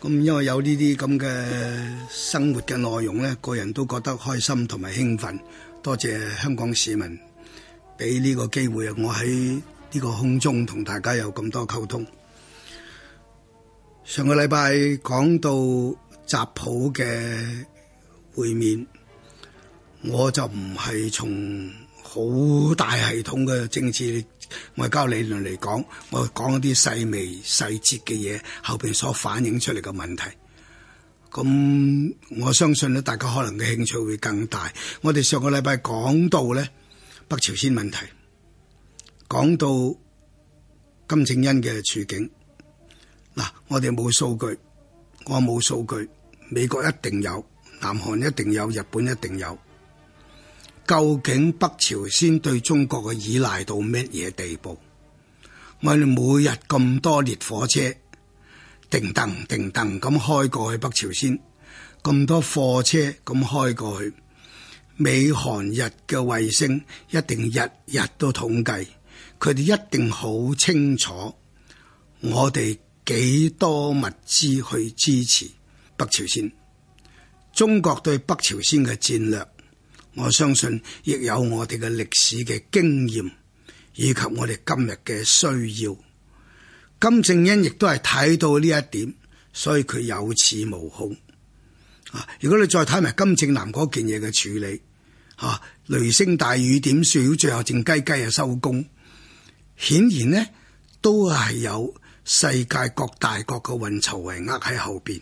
咁因為有呢啲咁嘅生活嘅內容咧，個人都覺得開心同埋興奮。多謝香港市民俾呢個機會啊！我喺呢個空中同大家有咁多溝通。上個禮拜講到習普嘅會面，我就唔係從好大系統嘅政治、外交理論嚟講，我講啲細微細節嘅嘢，後邊所反映出嚟嘅問題，咁我相信咧，大家可能嘅興趣會更大。我哋上個禮拜講到咧，北朝鮮問題，講到金正恩嘅處境。嗱，我哋冇數據，我冇數據，美國一定有，南韓一定有，日本一定有。究竟北朝鮮對中國嘅依賴到乜嘢地步？我哋每日咁多列火車，叮噔叮噔咁開過去北朝鮮，咁多貨車咁開過去，美韓日嘅衛星一定日日都統計，佢哋一定好清楚我哋幾多物資去支持北朝鮮。中國對北朝鮮嘅戰略。我相信亦有我哋嘅歷史嘅經驗，以及我哋今日嘅需要。金正恩亦都係睇到呢一點，所以佢有恃無恐。啊，如果你再睇埋金正男嗰件嘢嘅處理，吓、啊、雷聲大雨點小，最後靜雞雞啊收工，顯然呢都係有世界各大國嘅運籌帷幄喺後邊。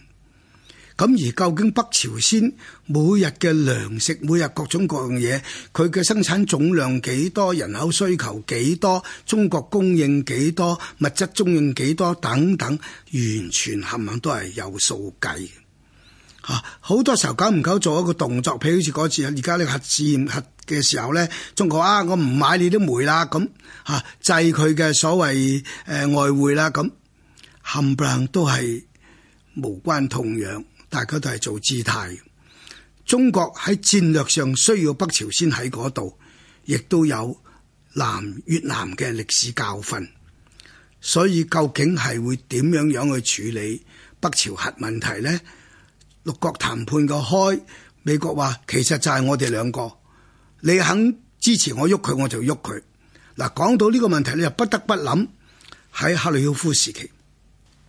咁而究竟北朝鮮每日嘅糧食、每日各種各樣嘢，佢嘅生產總量幾多、人口需求幾多、中國供應幾多、物質供應幾多等等，完全冚唪唥都係有數計。嚇、啊，好多時候夠唔夠做一個動作，譬如好似嗰次啊，而家呢個核試驗核嘅時候咧，中國啊，我唔買你啲煤啦，咁嚇、啊，制佢嘅所謂誒、呃、外匯啦，咁冚唪唥都係無關痛癢。大家都係做姿態。中國喺戰略上需要北朝鮮喺嗰度，亦都有南越南嘅歷史教訓。所以究竟係會點樣樣去處理北朝核問題呢？六國談判個開，美國話其實就係我哋兩個，你肯支持我喐佢，我就喐佢。嗱，講到呢個問題，你就不得不諗喺克里曉夫時期，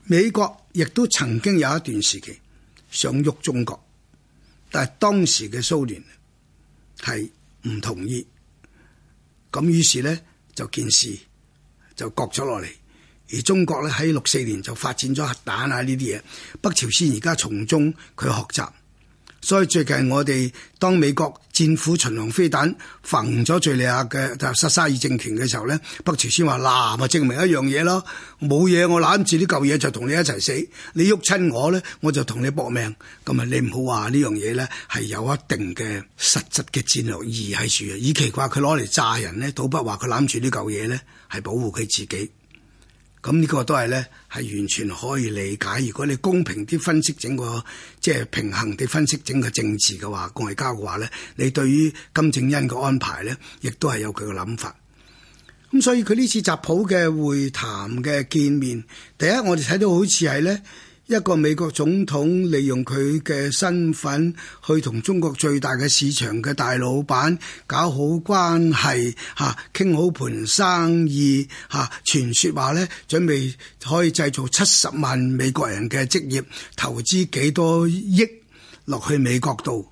美國亦都曾經有一段時期。想喐中國，但係當時嘅蘇聯係唔同意，咁於是呢，就件事就割咗落嚟。而中國呢喺六四年就發展咗核彈啊，呢啲嘢，北朝鮮而家從中佢學習。所以最近我哋當美國戰斧巡航飛彈焚咗敘利亞嘅特薩沙爾政權嘅時候呢，北朝鮮話，嗱，咪證明一樣嘢咯，冇嘢，我攬住呢嚿嘢就同你一齊死，你喐親我呢，我就同你搏命。咁啊，你唔好話呢樣嘢呢係有一定嘅實質嘅戰略意義喺處，與其話，佢攞嚟炸人呢，倒不如話佢攬住呢嚿嘢呢係保護佢自己。咁呢個都係咧，係完全可以理解。如果你公平啲分析整個，即係平衡地分析整個政治嘅話，外交嘅話咧，你對於金正恩嘅安排咧，亦都係有佢嘅諗法。咁所以佢呢次習普嘅會談嘅見面，第一我哋睇到好似係咧。一個美國總統利用佢嘅身份去同中國最大嘅市場嘅大老闆搞好關係，吓、啊、傾好盤生意，吓、啊、傳說話呢準備可以製造七十萬美國人嘅職業，投資幾多億落去美國度，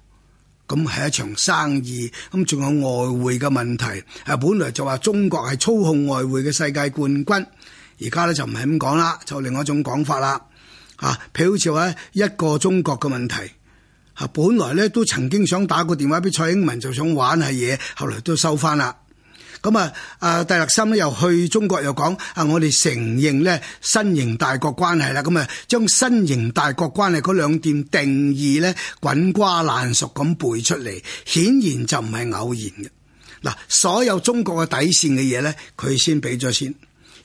咁係一場生意，咁仲有外匯嘅問題，誒、啊、本來就話中國係操控外匯嘅世界冠軍，而家呢就唔係咁講啦，就另外一種講法啦。啊，譬如好似話一個中國嘅問題，嚇、啊，本來咧都曾經想打個電話俾蔡英文，就想玩下嘢，後來都收翻啦。咁啊，阿戴立森咧又去中國又講啊，我哋承認咧新型大國關係啦。咁啊，將新型大國關係嗰兩點定義咧，滾瓜爛熟咁背出嚟，顯然就唔係偶然嘅。嗱、啊，所有中國嘅底線嘅嘢呢，佢先俾咗先，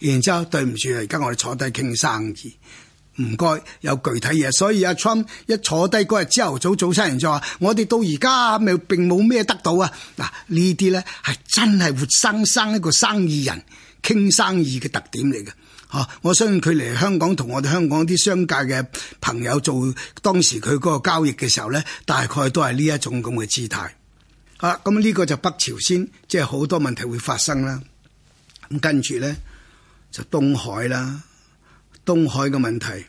然之後對唔住，而家我哋坐低傾生意。唔該有具體嘢，所以阿 Trump 一坐低嗰日朝頭早早餐人就話，我哋到而家咪並冇咩得到啊！嗱，呢啲咧係真係活生生一個生意人傾生意嘅特點嚟嘅，嚇、啊！我相信佢嚟香港同我哋香港啲商界嘅朋友做當時佢嗰個交易嘅時候咧，大概都係呢一種咁嘅姿態。啊！咁呢個就北朝鮮，即係好多問題會發生啦。咁跟住咧就東海啦。東海嘅問題，誒、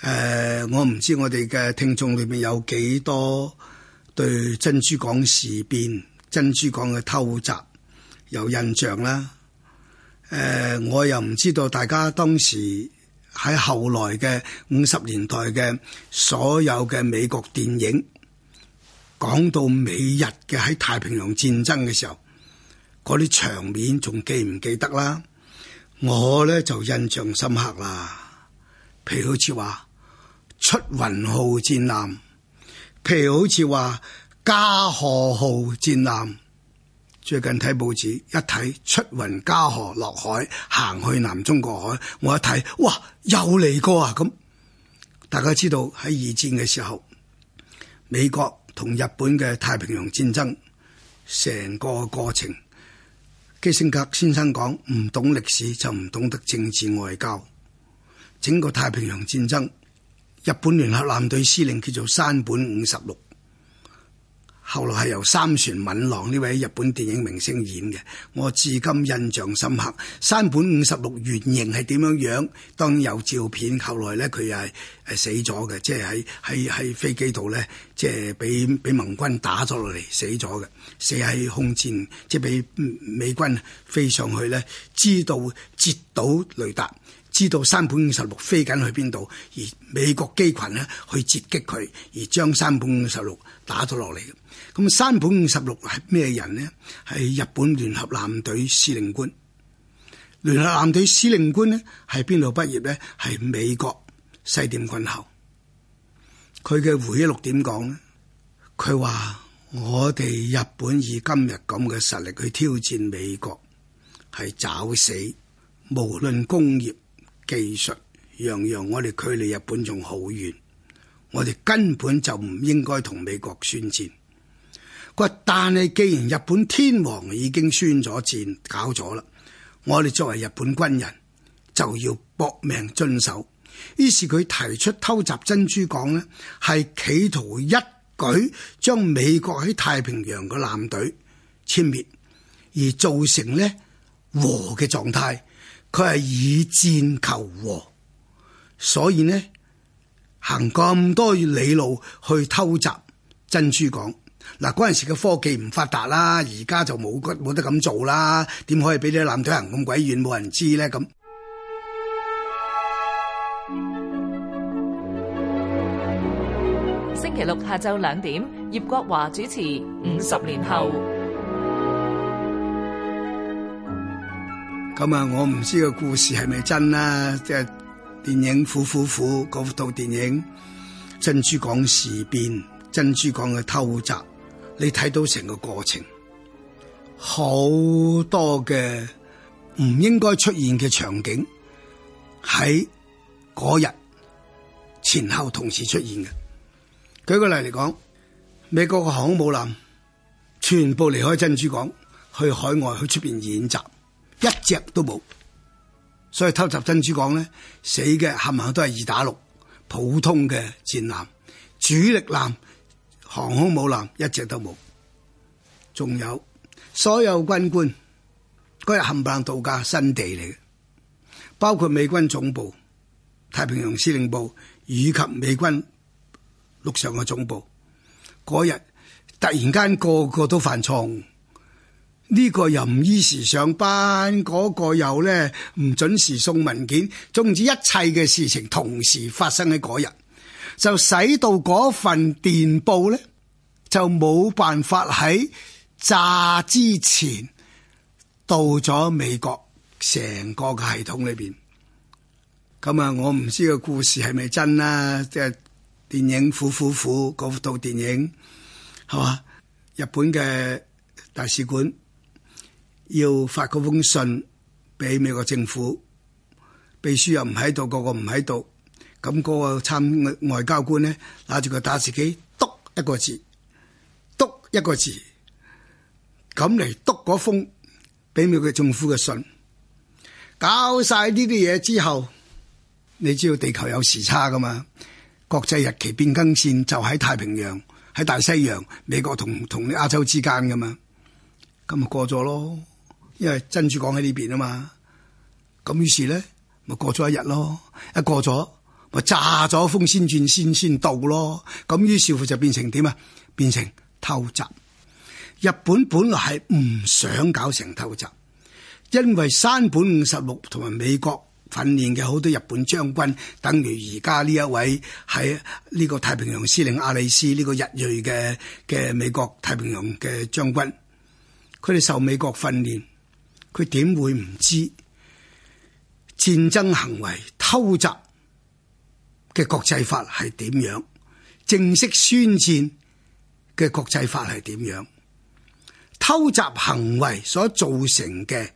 呃，我唔知我哋嘅聽眾裏面有幾多對珍珠港事變、珍珠港嘅偷襲有印象啦。誒、呃，我又唔知道大家當時喺後來嘅五十年代嘅所有嘅美國電影，講到美日嘅喺太平洋戰爭嘅時候，嗰啲場面仲記唔記得啦？我呢就印象深刻啦，譬如好似話出雲號戰艦，譬如好似話加賀號戰艦。最近睇報紙一睇，出雲加賀落海行去南中國海，我一睇，哇，又嚟過啊！咁大家知道喺二戰嘅時候，美國同日本嘅太平洋戰爭成個過程。基辛格先生講：唔懂歷史就唔懂得政治外交。整個太平洋戰爭，日本聯合艦隊司令叫做山本五十六。後來係由三船敏郎呢位日本電影明星演嘅，我至今印象深刻。山本五十六原型係點樣樣？當然有照片。後來咧，佢又係誒死咗嘅，即係喺喺喺飛機度咧，即係俾俾盟軍打咗落嚟，死咗嘅。死喺空戰，即係俾美軍飛上去咧，知道截到雷達，知道山本五十六飛緊去邊度，而美國機群呢，去截擊佢，而將山本五十六。打咗落嚟嘅，咁山本五十六係咩人呢？係日本聯合艦隊司令官。聯合艦隊司令官呢係邊度畢業呢？係美國西點軍校。佢嘅回憶錄點講呢？佢話我哋日本以今日咁嘅實力去挑戰美國，係找死。無論工業技術，樣樣我哋距離日本仲好遠。我哋根本就唔應該同美國宣戰。但係既然日本天皇已經宣咗戰，搞咗啦，我哋作為日本軍人就要搏命遵守。於是佢提出偷襲珍珠港咧，係企圖一舉將美國喺太平洋嘅艦隊殲滅，而造成呢和嘅狀態。佢係以戰求和，所以呢。行咁多里路去偷襲珍珠港，嗱嗰陣時嘅科技唔發達啦，而家就冇冇得咁做啦，點可以俾啲艦隊行咁鬼遠，冇人知咧咁。星期六下晝兩點，葉國華主持《五十年後》嗯。咁啊，我唔知個故事係咪真啦，即係。電影虎虎虎嗰部電影《珍珠港事變》，珍珠港嘅偷襲，你睇到成個過程，好多嘅唔應該出現嘅場景喺嗰日前後同時出現嘅。舉個例嚟講，美國嘅航空母艦全部離開珍珠港去海外去出邊演習，一隻都冇。所以偷襲珍珠港呢，死嘅冚唪唥都係二打六普通嘅戰艦，主力艦、航空母艦一隻都冇。仲有所有軍官嗰日冚唪唥度假新地嚟嘅，包括美軍總部、太平洋司令部以及美軍陸上嘅總部。嗰日突然間個個都犯錯。呢個又唔依時上班，嗰、那個又咧唔準時送文件，總之一切嘅事情同時發生喺嗰日，就使到嗰份電報咧就冇辦法喺炸之前到咗美國成個系統裏邊。咁、嗯、啊，我唔、嗯嗯、知個故事係咪真啦，即、就、係、是、電影《虎虎虎》嗰套電影係嘛，日本嘅大使館。要發嗰封信俾美國政府，秘書又唔喺度，個個唔喺度，咁嗰個參外交官呢，拿住個打字機，篤一個字，篤一個字，咁嚟篤嗰封俾美國政府嘅信，搞晒呢啲嘢之後，你知道地球有時差噶嘛？國際日期變更線就喺太平洋，喺大西洋，美國同同亞洲之間噶嘛，咁咪過咗咯。因為珍珠港喺呢邊啊嘛，咁於是呢，咪過咗一日咯，一過咗咪炸咗封仙傳先先到咯，咁於是乎就變成點啊？變成偷襲。日本本來係唔想搞成偷襲，因為山本五十六同埋美國訓練嘅好多日本將軍，等於而家呢一位喺呢個太平洋司令阿里斯呢個日裔嘅嘅美國太平洋嘅將軍，佢哋受美國訓練。佢點會唔知戰爭行為偷襲嘅國際法係點樣？正式宣戰嘅國際法係點樣？偷襲行為所造成嘅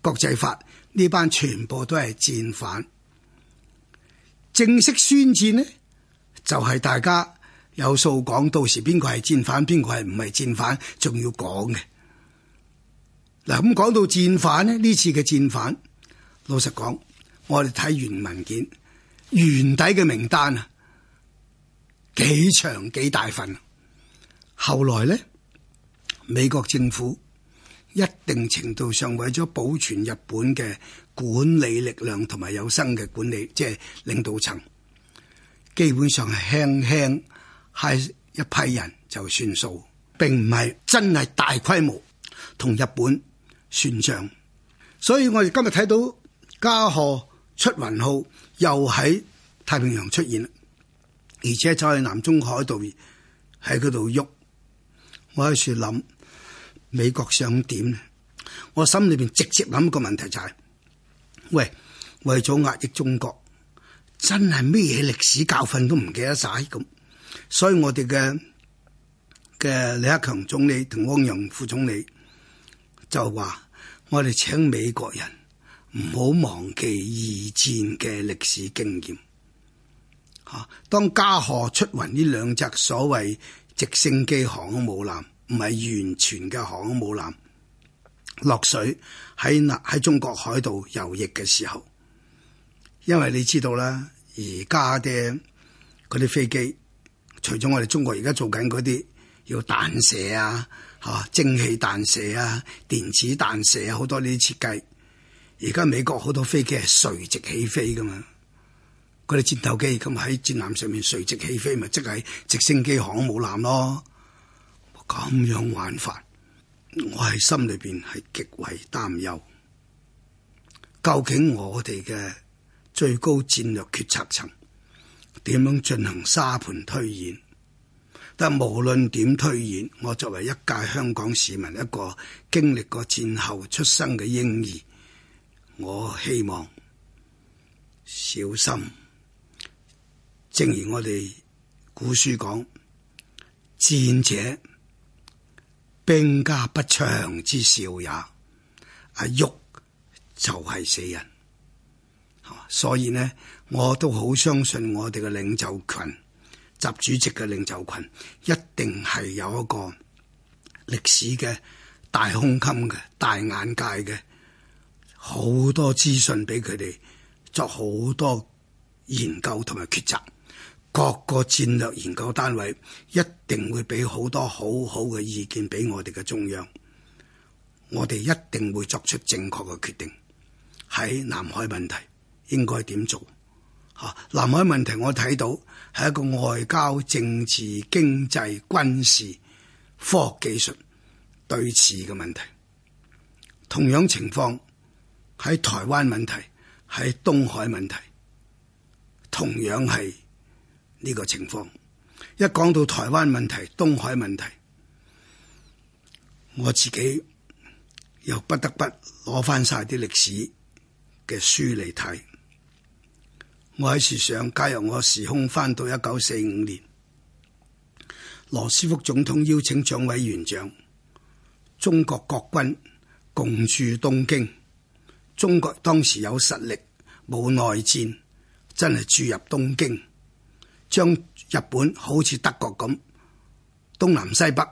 國際法，呢班全部都係戰犯。正式宣戰呢，就係大家有數講，到時邊個係戰犯，邊個係唔係戰犯，仲要講嘅。嗱，咁講到戰犯呢，呢次嘅戰犯，老實講，我哋睇原文件，原底嘅名單啊，幾長幾大份。後來呢，美國政府一定程度上為咗保存日本嘅管理力量同埋有生嘅管理，即係領導層，基本上係輕輕係一批人就算數，並唔係真係大規模同日本。船長，所以我哋今日睇到加賀出雲號又喺太平洋出現啦，而且喺南中海度喺嗰度喐，我喺度諗美國想點？我心裏邊直接諗個問題就係，喂，為咗壓抑中國，真係咩嘢歷史教訓都唔記得晒咁。所以我哋嘅嘅李克強總理同汪洋副總理。就話我哋請美國人唔好忘記二戰嘅歷史經驗。吓、啊，當加賀出雲呢兩隻所謂直升機航空母艦唔係完全嘅航空母艦落水喺喺中國海度游弋嘅時候，因為你知道啦，而家嘅嗰啲飛機，除咗我哋中國而家做緊嗰啲要彈射啊。啊，蒸汽彈射啊，電子彈射啊，好多呢啲設計。而家美國好多飛機係垂直起飛噶嘛，嗰啲戰鬥機咁喺戰艦上面垂直起飛，咪即係直升機航母艦咯。咁樣玩法，我喺心裏邊係極為擔憂。究竟我哋嘅最高戰略決策層點樣進行沙盤推演？但無論點推演，我作為一屆香港市民，一個經歷過戰後出生嘅嬰兒，我希望小心。正如我哋古書講：戰者，兵家不祥之兆也。阿旭就係死人，所以呢，我都好相信我哋嘅領袖群。習主席嘅領袖群一定係有一個歷史嘅大胸襟嘅大眼界嘅，好多資訊俾佢哋作好多研究同埋抉擇。各個戰略研究單位一定會俾好多好好嘅意見俾我哋嘅中央，我哋一定會作出正確嘅決定。喺南海問題應該點做？吓，南海問題我睇到。係一個外交、政治、經濟、軍事、科學技術對峙嘅問題。同樣情況喺台灣問題、喺東海問題，同樣係呢個情況。一講到台灣問題、東海問題，我自己又不得不攞返晒啲歷史嘅書嚟睇。我喺時上加入我時空翻到一九四五年，羅斯福總統邀請蔣委員長，中國國軍共駐東京。中國當時有實力，冇內戰，真係駐入東京，將日本好似德國咁，東南西北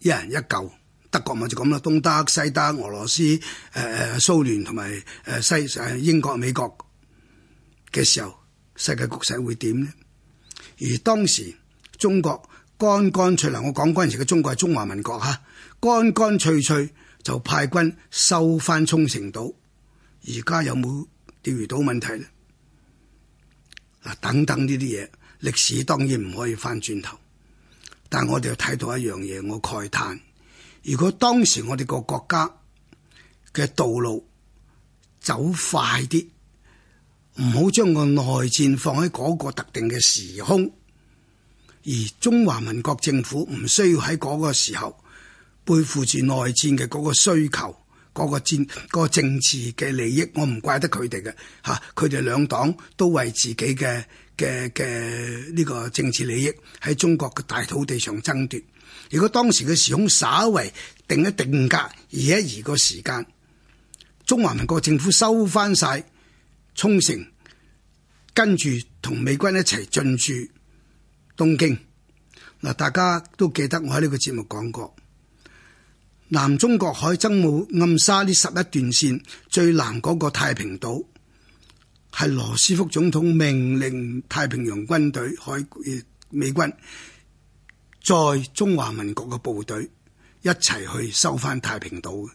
一人一舊。德國咪就咁咯，東德、西德、俄羅斯、誒誒蘇聯同埋誒西誒英國、美國嘅時候。世界局勢會點呢？而當時中國乾乾脆嗱，我講嗰陣時嘅中國係中華民國吓，乾乾脆脆就派軍收翻沖繩島。而家有冇釣魚島問題呢？嗱，等等呢啲嘢，歷史當然唔可以翻轉頭，但我哋睇到一樣嘢，我慨嘆：如果當時我哋個國家嘅道路走快啲。唔好將個內戰放喺嗰個特定嘅時空，而中華民國政府唔需要喺嗰個時候背負住內戰嘅嗰個需求、嗰、嗰個戰、個政治嘅利益，我唔怪得佢哋嘅吓，佢哋兩黨都為自己嘅嘅嘅呢個政治利益喺中國嘅大土地上爭奪。如果當時嘅時空稍為定一定格，移一移個時間，中華民國政府收翻晒。沖繩跟住同美軍一齊進駐東京嗱，大家都記得我喺呢個節目講過，南中國海曾母暗沙呢十一段線最南嗰個太平島，係羅斯福總統命令太平洋軍隊、海美軍在中華民國嘅部隊一齊去收翻太平島。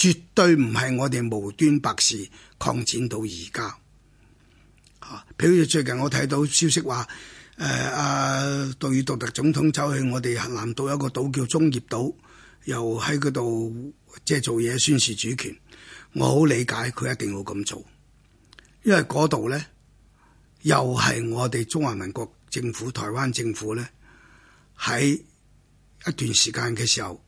絕對唔係我哋無端白事擴展到而家。啊！譬如最近我睇到消息話，誒、呃、啊杜特爾特總統走去我哋南島一個島叫中業島，又喺嗰度即係做嘢宣示主權。我好理解佢一定會咁做，因為嗰度咧又係我哋中華民國政府、台灣政府咧喺一段時間嘅時候，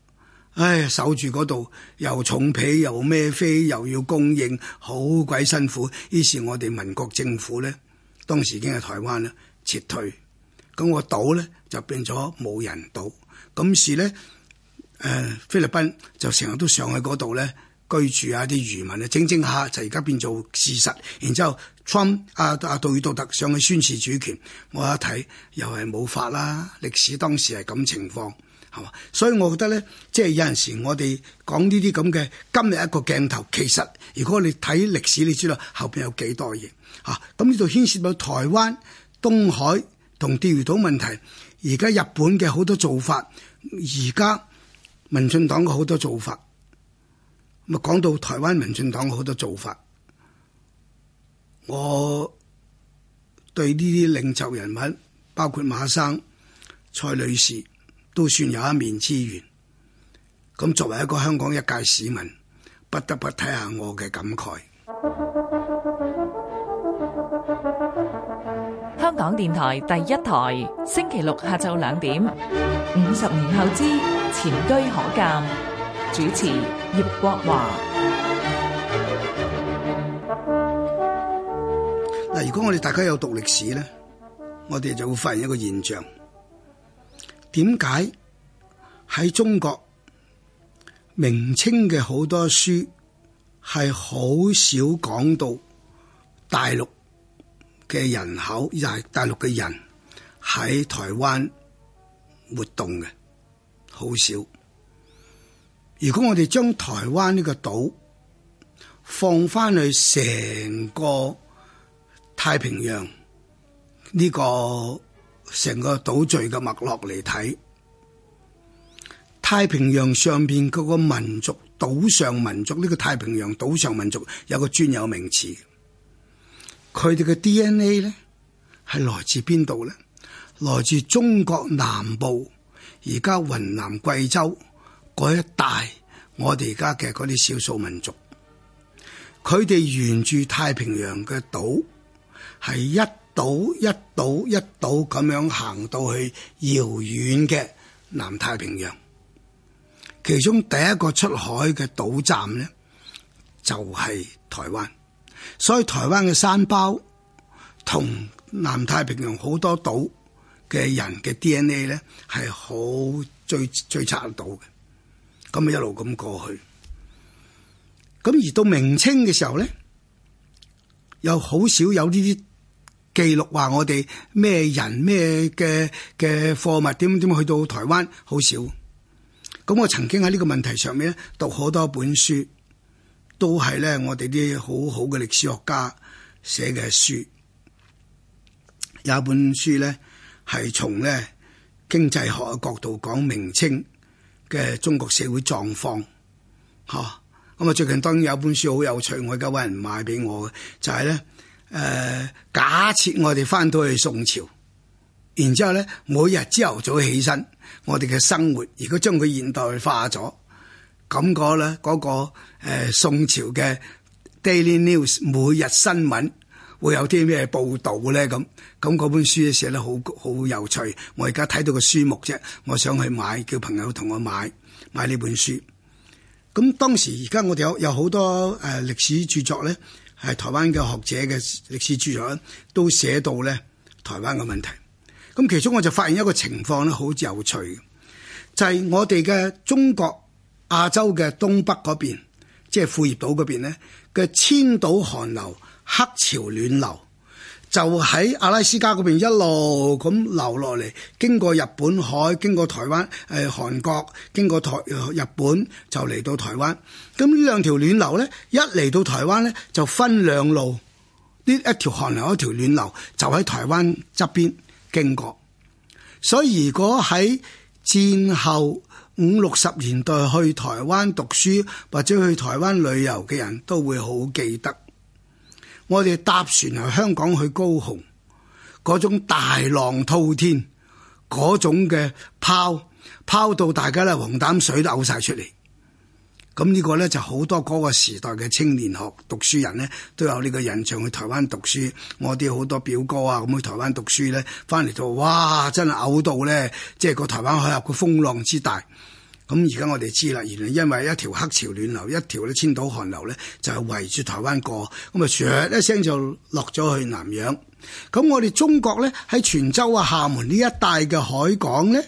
唉，守住嗰度又重皮又孭飛，又要供應，好鬼辛苦。於是，我哋民國政府咧，當時已經係台灣啦，撤退。咁個島咧就變咗冇人島，咁時咧，誒、呃、菲律賓就成日都上去嗰度咧居住啊，啲漁民啊，整整下就而家變做事實，然之後，Trump 阿阿杜特爾特上去宣示主權，我一睇又係冇法啦。歷史當時係咁情況。係嘛？所以我覺得咧，即係有陣時我哋講呢啲咁嘅今日一個鏡頭，其實如果你睇歷史，你知道後邊有幾多嘢嚇。咁呢度牽涉到台灣東海同釣魚島問題，而家日本嘅好多做法，而家民進黨嘅好多做法，咪講到台灣民進黨好多做法，我對呢啲領袖人物，包括馬生、蔡女士。都算有一面之緣，咁作為一個香港一屆市民，不得不睇下我嘅感慨。香港電台第一台，星期六下晝兩點，五十年後之前車可鑑，主持葉國華。嗱，如果我哋大家有讀歷史呢，我哋就會發現一個現象。點解喺中國明清嘅好多書係好少講到大陸嘅人口，又、就、係、是、大陸嘅人喺台灣活動嘅好少。如果我哋將台灣呢個島放翻去成個太平洋呢、這個成個島嶼嘅脈絡嚟睇，太平洋上邊個民族，島上民族呢、呢個太平洋島上民族有個專有名詞，佢哋嘅 DNA 咧係來自邊度咧？來自中國南部，而家雲南、貴州一帶，我哋而家嘅啲少數民族，佢哋沿住太平洋嘅島係一。島一島一島咁樣行到去遙遠嘅南太平洋，其中第一個出海嘅島站呢就係台灣，所以台灣嘅山胞同南太平洋好多島嘅人嘅 DNA 呢係好最追查得到嘅，咁一路咁過去，咁而到明清嘅時候呢，又好少有呢啲。記錄話我哋咩人咩嘅嘅貨物點點去到台灣好少，咁我曾經喺呢個問題上面咧讀好多本書，都係咧我哋啲好好嘅歷史學家寫嘅書，有一本書咧係從咧經濟學嘅角度講明清嘅中國社會狀況，吓咁啊最近當然有本書好有趣，我而家有人買俾我嘅就係、是、咧。誒、呃，假設我哋翻到去宋朝，然之後咧，每日朝頭早起身，我哋嘅生活，如果將佢現代化咗，咁嗰咧嗰個、呃、宋朝嘅 daily news 每日新聞會有啲咩報道咧？咁咁嗰本書寫得好好有趣，我而家睇到個書目啫，我想去買，叫朋友同我買買呢本書。咁當時而家我哋有有好多誒、呃、歷史著作咧。係台灣嘅學者嘅歷史著作都寫到咧，台灣嘅問題。咁其中我就發現一個情況咧，好有趣，就係、是、我哋嘅中國亞洲嘅東北嗰邊，即係庫頁島嗰邊咧嘅千島寒流、黑潮暖流。就喺阿拉斯加嗰邊一路咁流落嚟，經過日本海，經過台灣誒韓國經過台日本就嚟到台灣，咁呢兩條暖流咧，一嚟到台灣咧就分兩路，呢一條寒流，一條暖流，就喺台灣側邊經過，所以如果喺戰後五六十年代去台灣讀書或者去台灣旅遊嘅人都會好記得。我哋搭船由香港去高雄，嗰種大浪滔天，嗰種嘅拋拋到大家咧黃膽水都嘔晒出嚟。咁呢個咧就好多嗰個時代嘅青年學讀書人咧，都有呢個印象。去台灣讀書，我哋好多表哥啊咁去台灣讀書咧，翻嚟，就哇，真係嘔到咧，即係個台灣海峽個風浪之大。咁而家我哋知啦，原來因為一條黑潮暖流、一條呢千島寒流呢就係圍住台灣過，咁啊唰一聲就落咗去南洋。咁我哋中國呢，喺泉州啊、廈門呢一帶嘅海港呢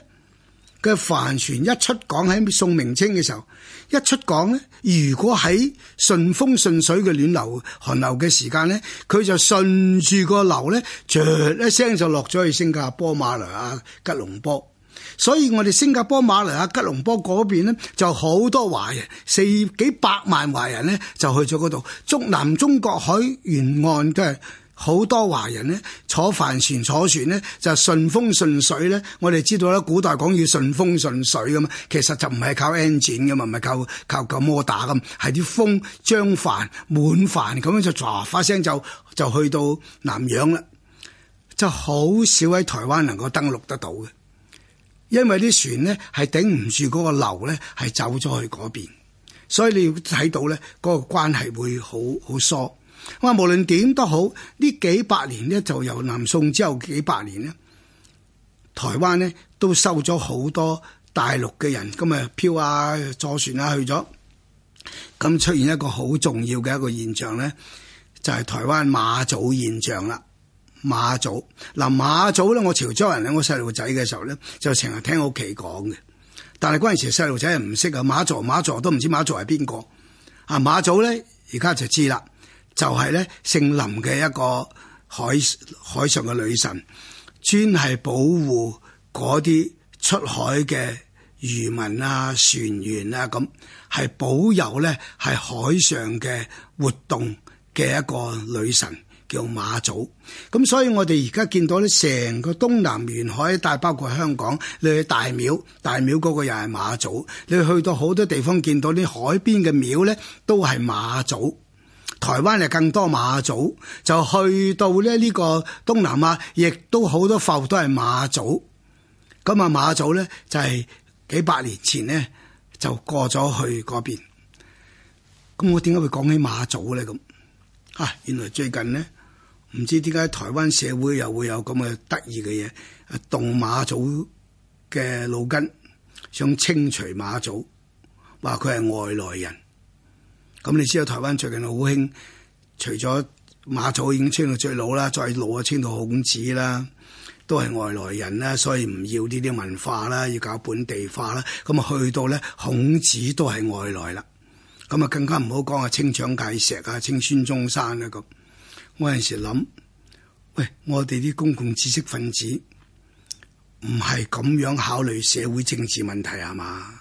嘅帆船一出港喺宋明清嘅時候，一出港呢如果喺順風順水嘅暖流寒流嘅時間呢佢就順住個流呢唰一聲就落咗去新加坡、馬來啊、吉隆坡。所以我哋新加坡、馬來亞、吉隆坡嗰邊咧，就好多華人，四幾百萬華人呢，就去咗嗰度。中南中國海沿岸都係好多華人呢，坐帆船、坐船呢，就順風順水呢我哋知道咧，古代講要順風順水噶嘛，其實就唔係靠 engine 噶嘛，唔係靠靠靠 motor 咁，係啲風張帆滿帆咁樣就唰花聲就就去到南洋啦。就好少喺台灣能夠登陸得到嘅。因為啲船咧係頂唔住嗰個流呢係走咗去嗰邊，所以你要睇到呢，嗰個關係會好好疏。我話無論點都好，呢幾百年呢，就由南宋之後幾百年呢，台灣呢都收咗好多大陸嘅人，啊，咁啊漂啊坐船啊去咗，咁出現一個好重要嘅一個現象呢，就係、係、台灣馬祖現象啦。馬祖嗱，馬祖咧，我潮州人咧，我細路仔嘅時候咧，就成日聽屋企講嘅。但係嗰陣時細路仔係唔識啊，馬座馬座都唔知馬座係邊個啊？馬祖咧，而家知、啊、就知啦，就係、是、咧姓林嘅一個海海上嘅女神，專係保護嗰啲出海嘅漁民啊、船員啊咁，係保佑咧係海上嘅活動嘅一個女神。用馬祖，咁所以我哋而家見到咧，成個東南沿海帶，包括香港，你去大廟，大廟嗰個又係馬祖，你去到好多地方見到啲海邊嘅廟咧，都係馬祖。台灣又更多馬祖，就去到咧呢個東南亞，亦都好多埠都係馬祖。咁啊馬祖咧就係幾百年前呢，就過咗去嗰邊。咁我點解會講起馬祖咧咁？啊，原來最近呢。唔知點解台灣社會又會有咁嘅得意嘅嘢？動馬祖嘅老根想清除馬祖，話佢係外來人。咁你知道台灣最近好興，除咗馬祖已經清到最老啦，再老啊清到孔子啦，都係外來人啦，所以唔要呢啲文化啦，要搞本地化啦。咁啊去到咧，孔子都係外來啦。咁啊更加唔好講啊，清蔣介石啊，清孫中山咧咁。我嗰陣時諗，喂，我哋啲公共知識分子唔係咁樣考慮社會政治問題吖嘛？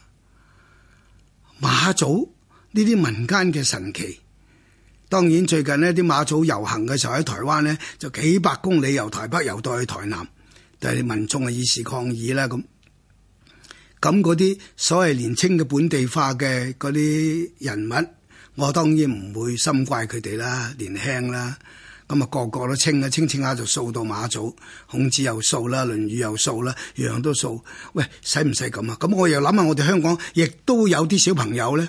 馬祖呢啲民間嘅神奇，當然最近呢啲馬祖遊行嘅時候喺台灣呢，就幾百公里由台北遊到去台南，但係啲民眾嘅以示抗議啦咁。咁嗰啲所謂年青嘅本地化嘅嗰啲人物，我當然唔會深怪佢哋啦，年輕啦。咁啊，個個都清啊，清清下就數到馬祖，孔子又數啦，論語又數啦，樣樣都數。喂，使唔使咁啊？咁我又諗下，我哋香港亦都有啲小朋友咧，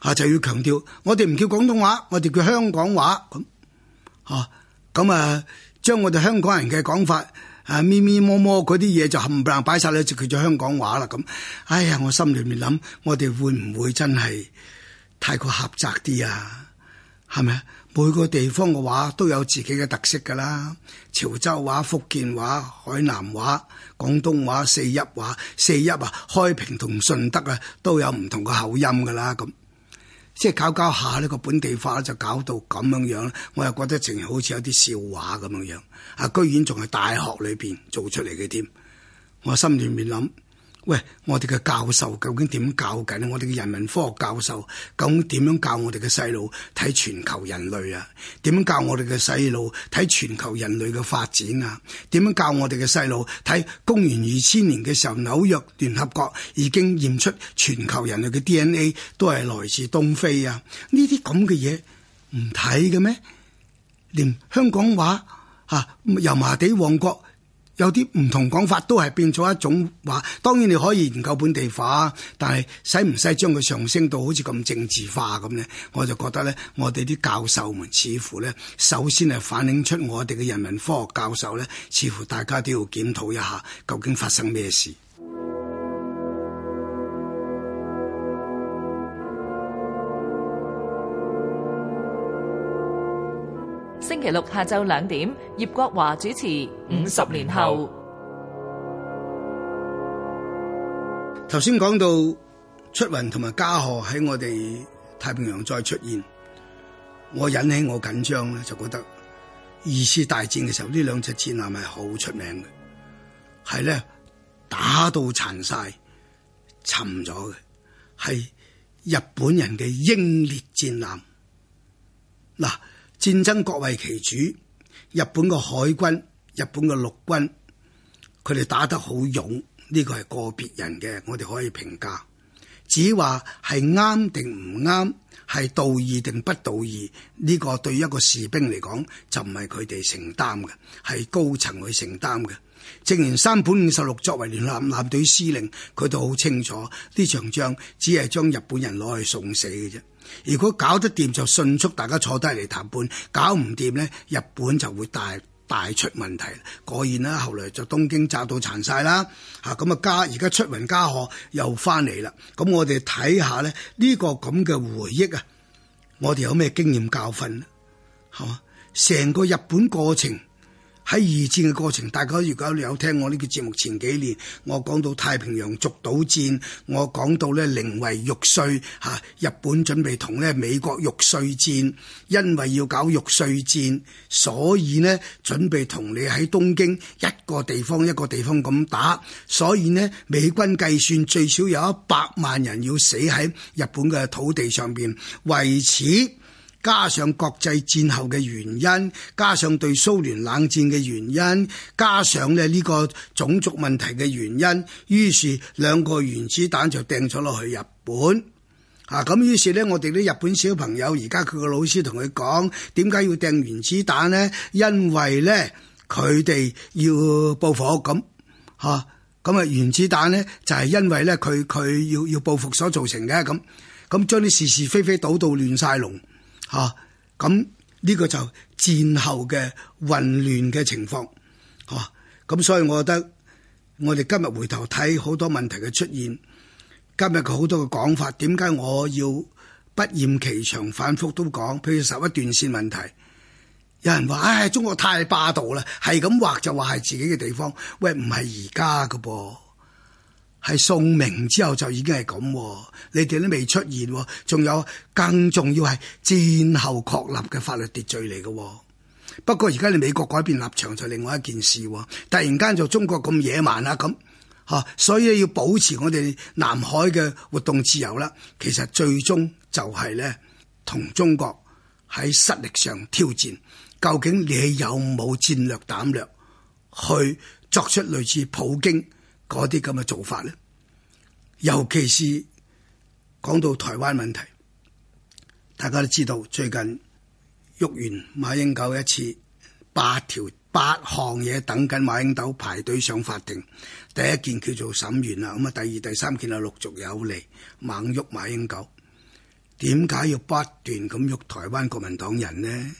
啊，就要強調，我哋唔叫廣東話，我哋叫香港話咁，嚇。咁啊，啊，將我哋香港人嘅講法啊，咪咪摸摸嗰啲嘢就冚唪唥擺晒，落就叫咗香港話啦。咁，哎呀，我心裏面諗，我哋會唔會真係太過狹窄啲啊？係咪啊？每個地方嘅話都有自己嘅特色㗎啦，潮州話、福建話、海南話、廣東話、四邑話、四邑啊，開平同順德啊，都有唔同嘅口音㗎啦。咁，即係搞搞下呢個本地化就搞到咁樣樣，我又覺得淨係好似有啲笑話咁樣樣啊，居然仲喺大學裏邊做出嚟嘅添，我心裏面諗。喂，我哋嘅教授究竟點教緊？我哋嘅人民科學教授咁點樣教我哋嘅細路睇全球人類啊？點樣教我哋嘅細路睇全球人類嘅發展啊？點樣教我哋嘅細路睇公元二千年嘅時候，紐約聯合國已經驗出全球人類嘅 DNA 都係來自東非啊？呢啲咁嘅嘢唔睇嘅咩？連香港話吓，油麻地旺角。有啲唔同講法都係變咗一種話，當然你可以研究本地化，但係使唔使將佢上升到好似咁政治化咁呢？我就覺得呢，我哋啲教授們似乎呢，首先係反映出我哋嘅人民科學教授呢，似乎大家都要檢討一下，究竟發生咩事？星期六下晝兩點，葉國華主持《五十年後》。頭先講到出雲同埋加賀喺我哋太平洋再出現，我引起我緊張咧，就覺得二次大戰嘅時候，呢兩隻戰艦係好出名嘅，係咧打到殘晒沉咗嘅，係日本人嘅英烈戰艦嗱。戰爭各為其主，日本個海軍、日本個陸軍，佢哋打得好勇，呢個係個別人嘅，我哋可以評價。只話係啱定唔啱，係道義定不道義，呢個對一個士兵嚟講就唔係佢哋承擔嘅，係高層去承擔嘅。正然山本五十六作為聯合艦隊司令，佢都好清楚呢場仗只係將日本人攞去送死嘅啫。如果搞得掂就迅速大家坐低嚟談判，搞唔掂呢日本就會大大出問題。果然啦，後來就東京炸到殘晒啦。吓咁啊，加而家出雲加賀又翻嚟啦。咁我哋睇下咧呢個咁嘅回憶啊，我哋有咩經驗教訓啊？係嘛，成個日本過程。喺二戰嘅過程，大家如果有聽我呢、這個節目，前幾年我講到太平洋逐島戰，我講到呢寧為玉碎嚇，日本準備同呢美國玉碎戰，因為要搞玉碎戰，所以呢準備同你喺東京一個地方一個地方咁打，所以呢，美軍計算最少有一百萬人要死喺日本嘅土地上邊，為此，加上國際戰後嘅原因，加上對蘇聯冷戰嘅原因，加上咧呢個種族問題嘅原因，於是兩個原子彈就掟咗落去日本啊！咁於是呢，我哋啲日本小朋友而家佢個老師同佢講點解要掟原子彈呢？因為呢，佢哋要報復咁嚇咁啊！原子彈呢，就係因為呢，佢佢要要報復所造成嘅咁咁，將啲是是非非倒到亂晒龍。嚇咁呢個就戰後嘅混亂嘅情況，嚇、啊、咁、嗯、所以我覺得我哋今日回頭睇好多問題嘅出現，今日佢好多嘅講法，點解我要不厭其長反覆都講？譬如十一段線問題，有人話：，唉、哎，中國太霸道啦，係咁畫就話係自己嘅地方，喂，唔係而家㗎噃。係宋明之後就已經係咁、哦，你哋都未出現、哦，仲有更重要係戰後確立嘅法律秩序嚟嘅、哦。不過而家你美國改變立場就另外一件事、哦，突然間就中國咁野蠻啦咁，吓、啊、所以要保持我哋南海嘅活動自由啦。其實最終就係呢：同中國喺實力上挑戰，究竟你有冇戰略膽略去作出類似普京？嗰啲咁嘅做法咧，尤其是講到台灣問題，大家都知道最近喐完馬英九一次八條八項嘢，等緊馬英九排隊上法庭。第一件叫做審完啦，咁啊，第二第三件啊，陸續有嚟猛喐馬英九。點解要不斷咁喐台灣國民黨人呢？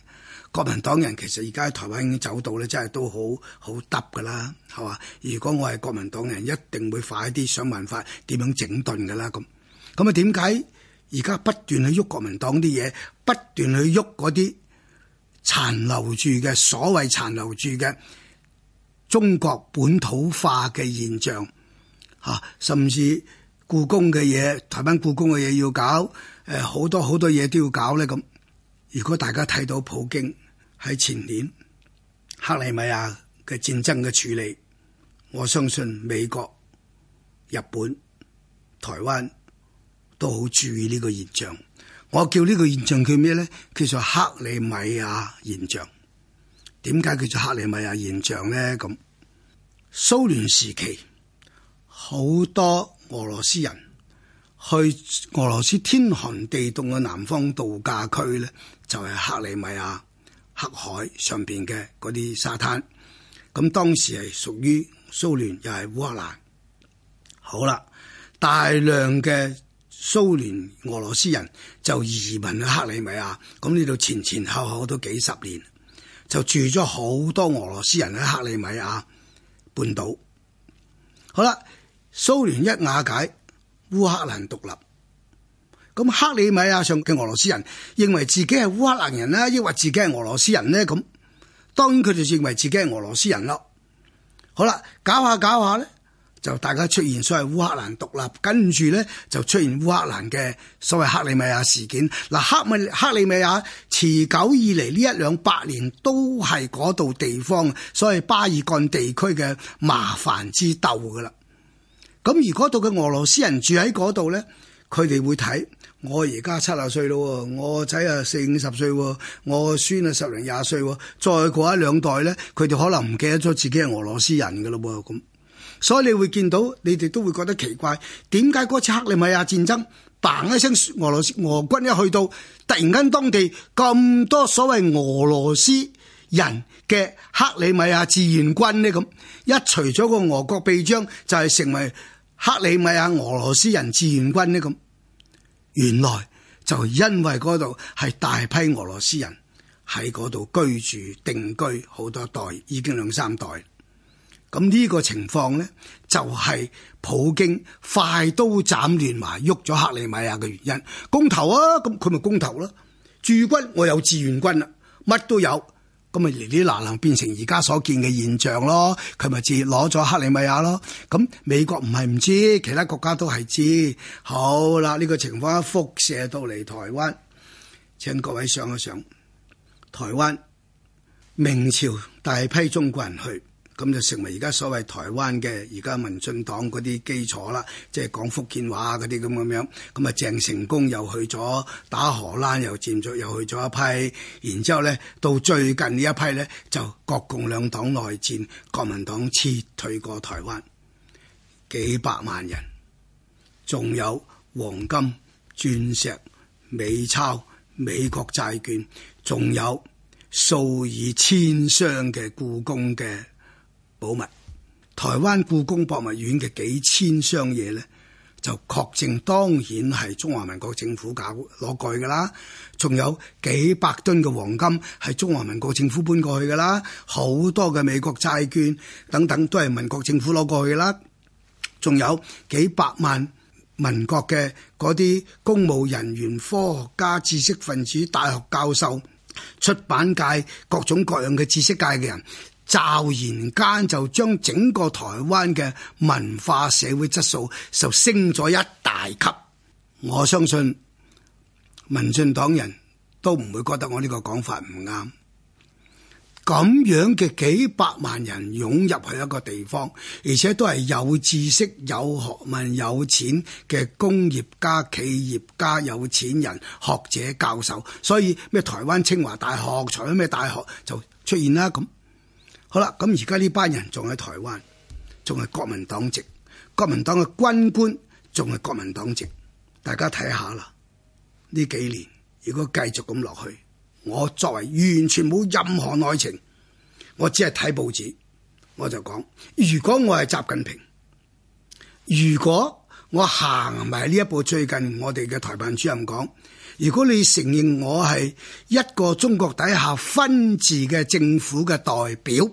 國民黨人其實而家喺台灣已經走到咧，真係都好好揼噶啦，係嘛？如果我係國民黨人，一定會快啲想辦法點樣整頓噶啦咁。咁啊，點解而家不斷去喐國民黨啲嘢，不斷去喐嗰啲殘留住嘅所謂殘留住嘅中國本土化嘅現象嚇、啊，甚至故宮嘅嘢，台灣故宮嘅嘢要搞，誒、呃、好多好多嘢都要搞咧咁。如果大家睇到普京喺前年克里米亞嘅戰爭嘅處理，我相信美國、日本、台灣都好注意呢個現象。我叫呢個現象叫咩咧？叫做克里米亞現象。點解叫做克里米亞現象咧？咁蘇聯時期，好多俄羅斯人去俄羅斯天寒地凍嘅南方度假區咧。就係克里米亞黑海上邊嘅嗰啲沙灘，咁當時係屬於蘇聯，又係烏克蘭。好啦，大量嘅蘇聯俄羅斯人就移民去克里米亞，咁呢度前前後後都幾十年，就住咗好多俄羅斯人喺克里米亞半島。好啦，蘇聯一瓦解，烏克蘭獨立。咁克里米亞上嘅俄羅斯人認為自己係烏克蘭人啦，抑或自己係俄羅斯人呢？咁當然佢哋認為自己係俄羅斯人咯。好啦，搞下搞下咧，就大家出現所謂烏克蘭獨立，跟住咧就出現烏克蘭嘅所謂克里米亞事件。嗱，克米克里米亞持久以嚟呢一兩百年都係嗰度地方，所謂巴爾干地區嘅麻煩之斗噶啦。咁而嗰度嘅俄羅斯人住喺嗰度咧，佢哋會睇。我而家七十歲咯，我仔啊四五十歲，我孫啊十零廿歲，再過一兩代咧，佢哋可能唔記得咗自己係俄羅斯人噶咯噃咁。所以你會見到，你哋都會覺得奇怪，點解嗰次克里米亞戰爭，嘭一聲俄羅斯俄軍一去到，突然間當地咁多所謂俄羅斯人嘅克里米亞志願軍呢？咁一除咗個俄國臂章，就係、是、成為克里米亞俄羅斯人志願軍呢？咁。原來就因為嗰度係大批俄羅斯人喺嗰度居住定居好多代，已經兩三代。咁呢個情況呢，就係、是、普京快刀斬亂麻喐咗克里米亞嘅原因。公投啊，咁佢咪公投囉。駐軍我有志願軍啦，乜都有。咁咪呢啲嗱嗱，變成而家所見嘅現象咯。佢咪自攞咗克里米亞咯。咁美國唔係唔知，其他國家都係知。好啦，呢個情況一輻射到嚟台灣，請各位想一想，台灣明朝大批中國人去。咁就成為而家所謂台灣嘅而家民進黨嗰啲基礎啦，即係講福建話嗰啲咁咁樣。咁啊，鄭成功又去咗打荷蘭，又佔咗，又去咗一批。然之後咧，到最近呢一批咧，就國共兩黨內戰，國民黨撤退過台灣幾百萬人，仲有黃金、鑽石、美鈔、美國債券，仲有數以千箱嘅故宮嘅。保密。台灣故宮博物院嘅幾千箱嘢咧，就確證當然係中華民國政府搞攞過去噶啦。仲有幾百噸嘅黃金係中華民國政府搬過去噶啦。好多嘅美國債券等等都係民國政府攞過去噶啦。仲有幾百萬民國嘅嗰啲公務人員、科學家、知識分子、大學教授、出版界各種各樣嘅知識界嘅人。驟然間就將整個台灣嘅文化社會質素就升咗一大級，我相信民進黨人都唔會覺得我呢個講法唔啱。咁樣嘅幾百萬人湧入去一個地方，而且都係有知識、有學問、有錢嘅工業家、企業家、有錢人、學者、教授，所以咩台灣清華大學、除咗咩大學就出現啦咁。好啦，咁而家呢班人仲喺台灣，仲係國民黨籍，國民黨嘅軍官仲係國民黨籍，大家睇下啦。呢幾年如果繼續咁落去，我作為完全冇任何內情，我只係睇報紙，我就講：如果我係習近平，如果我行埋呢一步，最近我哋嘅台辦主任講。如果你承認我係一個中國底下分治嘅政府嘅代表，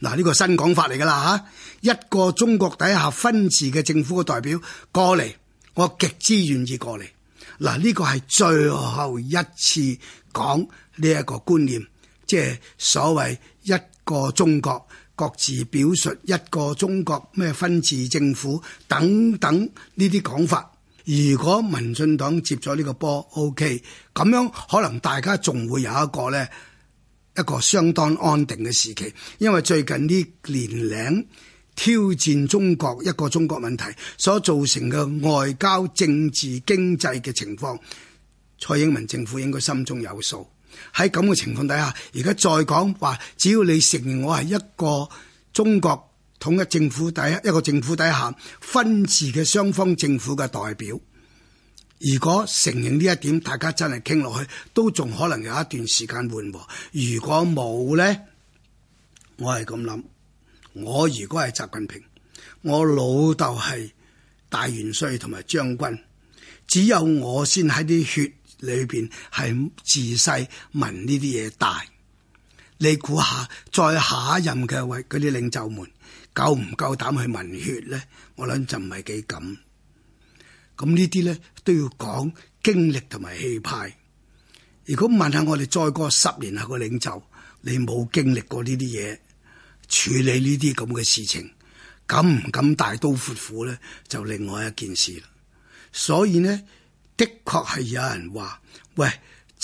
嗱、這、呢個新講法嚟噶啦吓，一個中國底下分治嘅政府嘅代表過嚟，我極之願意過嚟。嗱、這、呢個係最後一次講呢一個觀念，即係所謂一個中國各自表述，一個中國咩分治政府等等呢啲講法。如果民進黨接咗呢個波，OK，咁樣可能大家仲會有一個呢，一個相當安定嘅時期，因為最近呢年齡挑戰中國一個中國問題所造成嘅外交、政治、經濟嘅情況，蔡英文政府應該心中有數。喺咁嘅情況底下，而家再講話，只要你承認我係一個中國。統一政府底一個政府底下，府底下分治嘅雙方政府嘅代表，如果承認呢一點，大家真係傾落去都仲可能有一段時間緩和。如果冇咧，我係咁諗。我如果係習近平，我老豆係大元帥同埋將軍，只有我先喺啲血裏邊係自細聞呢啲嘢大。你估下，再下一任嘅位啲領袖們。夠唔夠膽去聞血咧？我諗就唔係幾敢。咁呢啲咧都要講經歷同埋氣派。如果問下我哋再過十年後嘅領袖，你冇經歷過呢啲嘢，處理呢啲咁嘅事情，敢唔敢大刀闊斧咧？就另外一件事啦。所以呢，的確係有人話，喂，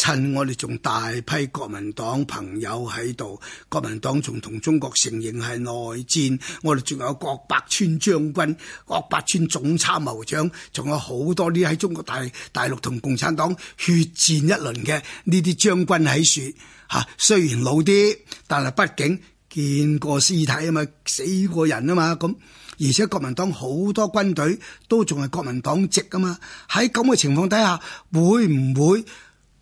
趁我哋仲大批國民黨朋友喺度，國民黨仲同中國承認係內戰，我哋仲有郭百川將軍郭百川總參謀長，仲有好多呢喺中國大大陸同共產黨血戰一輪嘅呢啲將軍喺度吓，雖然老啲，但係畢竟見過屍體啊嘛，死過人啊嘛，咁而且國民黨好多軍隊都仲係國民黨籍啊嘛，喺咁嘅情況底下，會唔會。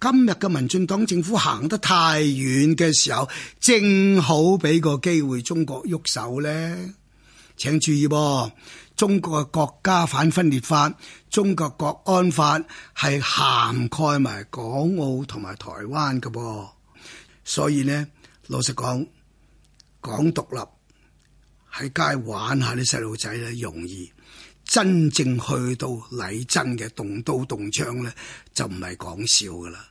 今日嘅民進黨政府行得太遠嘅時候，正好俾個機會中國喐手咧。請注意噃，中國嘅國家反分裂法、中國國安法係涵蓋埋港澳同埋台灣嘅噃。所以咧，老實講，講獨立喺街玩下啲細路仔咧容易，真正去到嚟真嘅動刀動槍咧，就唔係講笑噶啦。